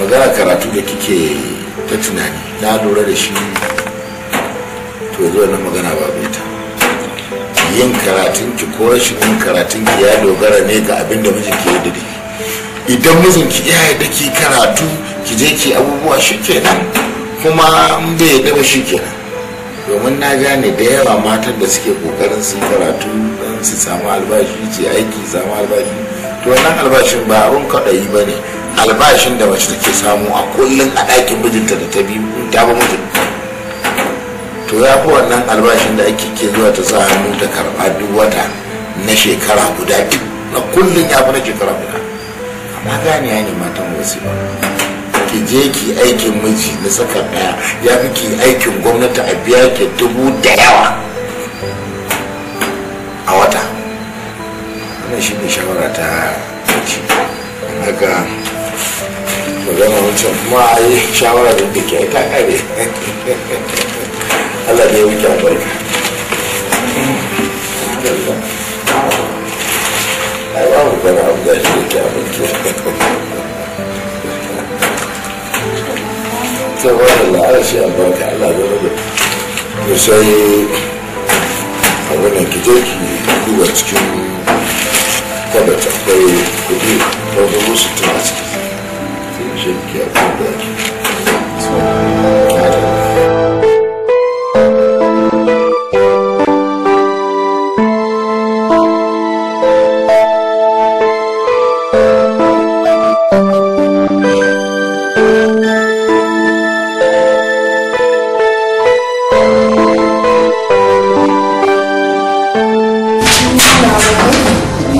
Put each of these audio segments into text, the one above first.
magana karatu da kike ta tunani na lura da shi to zuwa na magana ba ta yin karatun ki ko rashin yin karatun ki ya dogara ne ga abin da mijin ki yadda idan mijin ki ya yadda ki karatu ki je ki abubuwa shi nan kuma in bai yadda ba shi nan. domin na gane da yawa matan da suke kokarin su karatu don su samu albashi ce aiki samu albashi to wannan albashin ba abin kaɗayi ba ne albashin da wacce take samu a kullum a ɗakin mijinta da ta bi ta ba mijin to ya fi wannan albashin da ake ke zuwa ta sa hannu ta karɓa duk wata na shekara guda biyu na kullum ya fi na shekara guda amma gani ya ne matan wasu ba ki je ki aikin miji na saka daya ya fi ki aikin gwamnati a biya ki dubu da yawa a wata wannan shi ne shawara ta wancan kuma a yi shawara da duk ya ta kare allah da wuce albarka ai ba mu gana abu gashi da ke abinci ta ba da la'ar shi albarka allah da rabu da sai abu na ki je ki duba cikin kwabata akwai kudi wanda musu tun a ciki jeito que é a verdade.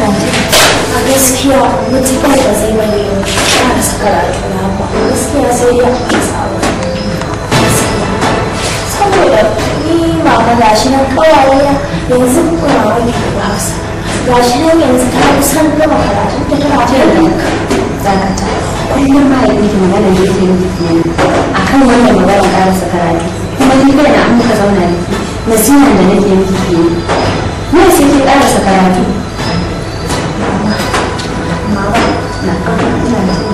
Cara, gaskiya mutukar pode fazer wani yau karatu na ba gaskiya sai ya saboda ni mama nan yanzu kuna wani hausa gashi nan yanzu ta kusan gama karatu ta tana ta yi kullum ma yi magana da yake a kan wannan magana karatu kuma ni kai na an muka zauna ne da nake miki ke yi sai karatu mama na ina da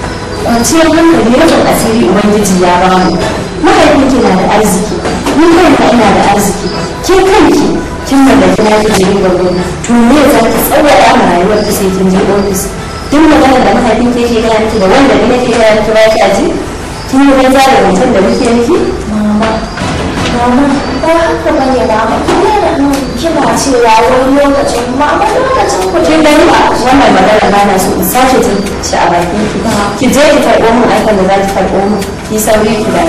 kwanciyar hankali rashin asiri ubangiji ya ba mu mahaifinki na da arziki ni kaina ina da arziki ke kanki kin da mallaki na kije yin gwamnati to me za ki tsawaya ma rayuwar ki sai kin je ofis duk magana da mahaifinki ke gaya miki da wanda ni nake gaya miki ba ki aji kin yi banza da mutum da muke miki mama mama ba haka bane mama ki ne kina cewa wani lokacin kuma amma lokacin ku kin gani wannan magana ba na so in sace ta ki je ki karɓo mun aikin da ki sauri ki da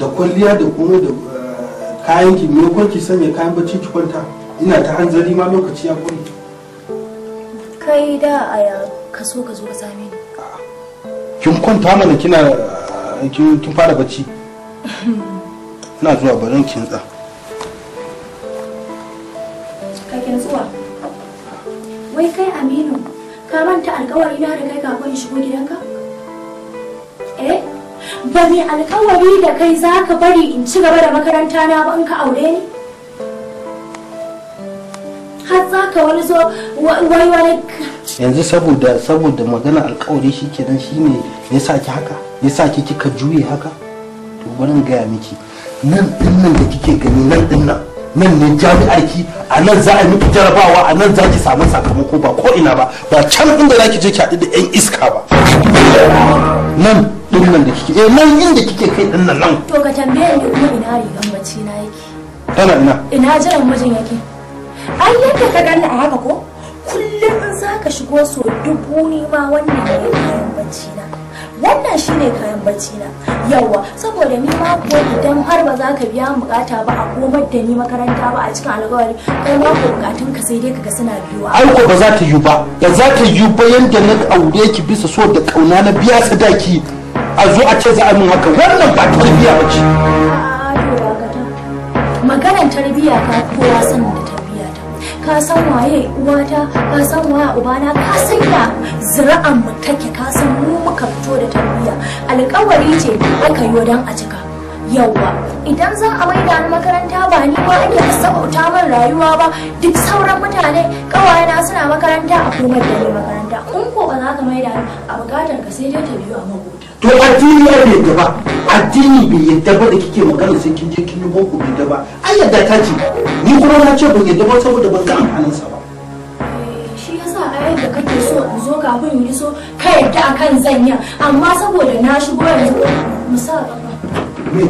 da kwalliya da kuma da eh, kayan ki me ki sanya kayan bacci ki kwanta ina ta hanzari ma lokaci ya kuri kai da aya ka so ka zo ka same ni kin kwanta mana kina eh, kin fara bacci ina zuwa barin kintsa ka wai kai aminu ka manta alƙawari na da kai kafin shigo gidanka ba mai alkawari da kai za ka bari in ci gaba da makaranta na ba in ka aure ni har za ka wani zo wai wani yanzu saboda saboda magana alkawari shi kenan shi ne ya sa ki haka ya sa ki kika juye haka to bari gaya miki nan dinnan da kike gani nan dinnan nan ne jami'ar ki a nan za a miki jarabawa a nan za ki samu sakamako ba ko ina ba ba can inda za ki je ki haɗu da 'yan iska ba nan dinnan da kike eh nan inda kike kai dinnan nan to ka tambaye ni kuma ina rigan bacci na yake tana ina ina jiran mijin yake ai yake ka ganni a haka ko kullum in zaka shigo so dubu ni ma wannan ne rigan bacci na wannan shine kayan bacci na yawa saboda ni ma ko idan har ba za ka biya bukata ba a komar da ni makaranta ba a cikin alƙawari kai ma ko bukatun ka sai dai kaga suna biyuwa ai ko ba za ta yi ba ba za ta yi ba yanda na aure ki bisa so da kauna na biya sadaki a zo a ce za a min haka wannan ba tarbiyya ba ce maganar tarbiya ka kowa sanin da tarbiya ta ka san waye uwata ka san waye ubana ka san ya zira'an mutake ka san mu ka fito da tarbiyya alƙawari ce aka yi don a cika yawwa idan za a maida ni makaranta ba ni ma ake sabauta min rayuwa ba duk sauran mutane ƙawayena suna makaranta a kuma da ni makaranta kun ko ba za ka maida ni a bukatar ka sai dai ta biyu a magota to addini ya bai gaba a addini bai yadda ba da kike magana sai kin je kin yi boko bai yadda ba ai yadda ta ce ni kuma na ce ban yadda ba saboda ban ga amfaninsa ba zo kafin yi so kai yadda a kan amma saboda na shigo yanzu mu sa kafa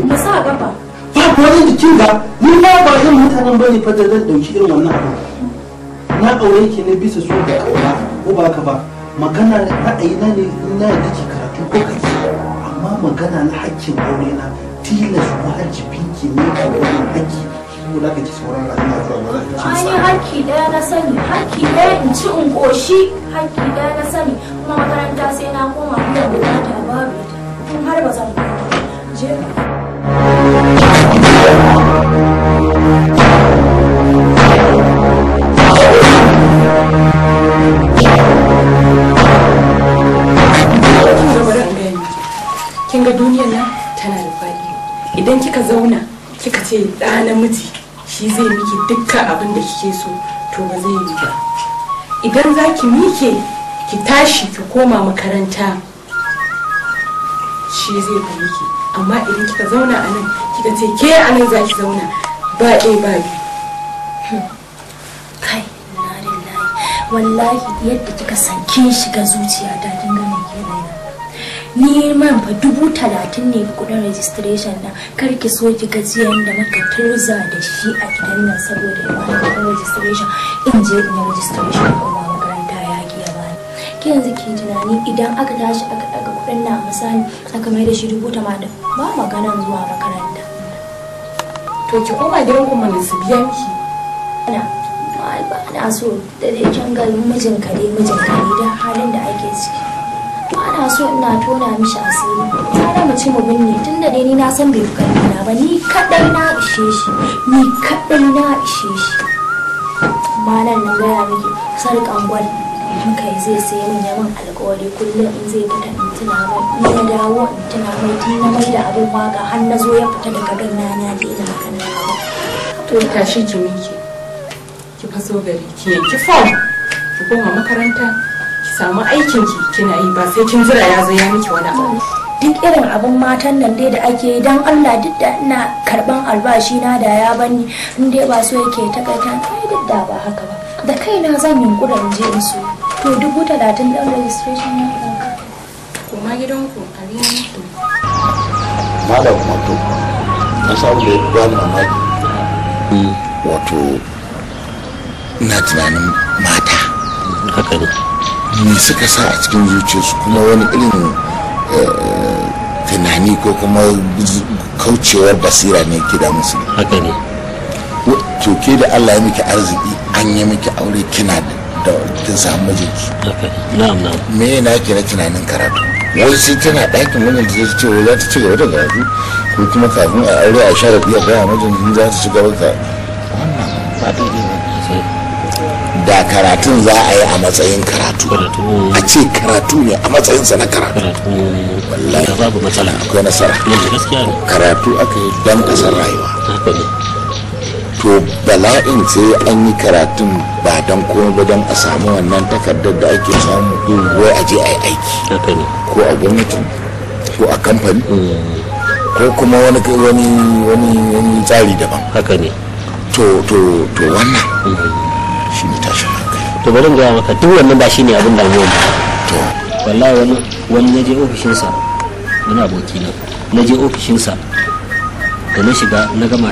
musa kafa ba ku wani jikin ga ni ba ba yin mutanen bane fa da zan dauki irin wannan abu na aure ke ne bisa so da kauna ko ba ka ba magana ra'ayi na ne na da ke karatu ko kake amma magana na hakkin aure na tilas wajibi ke ne a kwanan hakki saboda ka sauran rayuwa zuwa ba za ci hakki daya na sani hakki daya in ci in koshi hakki daya na sani kuma makaranta sai na koma gidan bukata babu ita har ba zan koma je ce ɗa namiji shi zai miki dukkan abin da kike so to ba zai yi ba idan za ki mike ki tashi ki koma makaranta shi zai ba miki amma idan kika zauna a nan kika ce ke a nan za ki zauna ba ɗaya ba biyu kai wallahi yadda kika sanke shiga zuciya ta dangane yanayin neman ba dubu talatin ne kudin registration na kar ki so ki gaji yadda muka turza da shi a gidan nan saboda ya bani kudin registration in je in yi registration kuma makaranta ya ki ya bani ki yanzu ke tunani idan aka tashi aka daga kudin na misali aka mai da shi dubu tamanin ba maganan zuwa makaranta to ki koma gidan kuma na su biyan ki na so da dai can gari mijinka dai mijinka ne halin da ake ciki ba na so ina tona mishi asiri tsara mace mu binne tun da dai ni na san bai fi na ba ni kadan na ishe shi ni na ishe shi amma nan na gaya miki sarkan gwal kai zai sai min yawan alƙawari kullum in zai fita in tuna mai dawo in tuna mai tun na mai da abin ga har na ya fita daga ganna na daina ba. to tashi ki miki ki faso gari ki yanki fa ki koma makaranta samu aikin ki kina yi ba sai kin jira ya zo ya miki wani abu duk irin abun matan nan dai da ake yi don Allah duk da ina karban albashi na da ya bani in dai ba so yake takaita kai duk da ba haka ba da kaina zan yi in je in so to dubu talatin dan registration na kuma gidan gidanku a riyanku malam wato na samu da ya na mamaki hmm, wato na tunanin mata haka ne ni suka sa a cikin zuciyarsu kuma wani irin eh, tunani ko kuma kaucewar basira ne ke da musu haka ne to ke da Allah ya miki arziki an yi miki aure kina da kin samu mijinki na'am na'am me na ke na tunanin karatu wai sai tana ɗakin wannan da zai ce wai za ta ci gaba da karatu ko kuma kafin a aure a share biya ga mijin za ta ci gaba da wannan ba ne da karatun za a yi a matsayin karatu a ce karatu ne a sa na karatu wallahi babu matsala akwai nasara karatu aka yi don kasar rayuwa to bala'in sai an yi karatun ba don komai ba don a samu wannan takardar da ake samu wai a je a yi aiki ko a gwamnati ko a kamfani ko kuma wani wani wani tsari daban haka ne to to to wannan mm-hmm. shi ne tashin hankali to bari gaya maka duk wannan ba shi ne abin damuwa to wallahi wani wani na je sa wani aboki na na je sa da na shiga na gama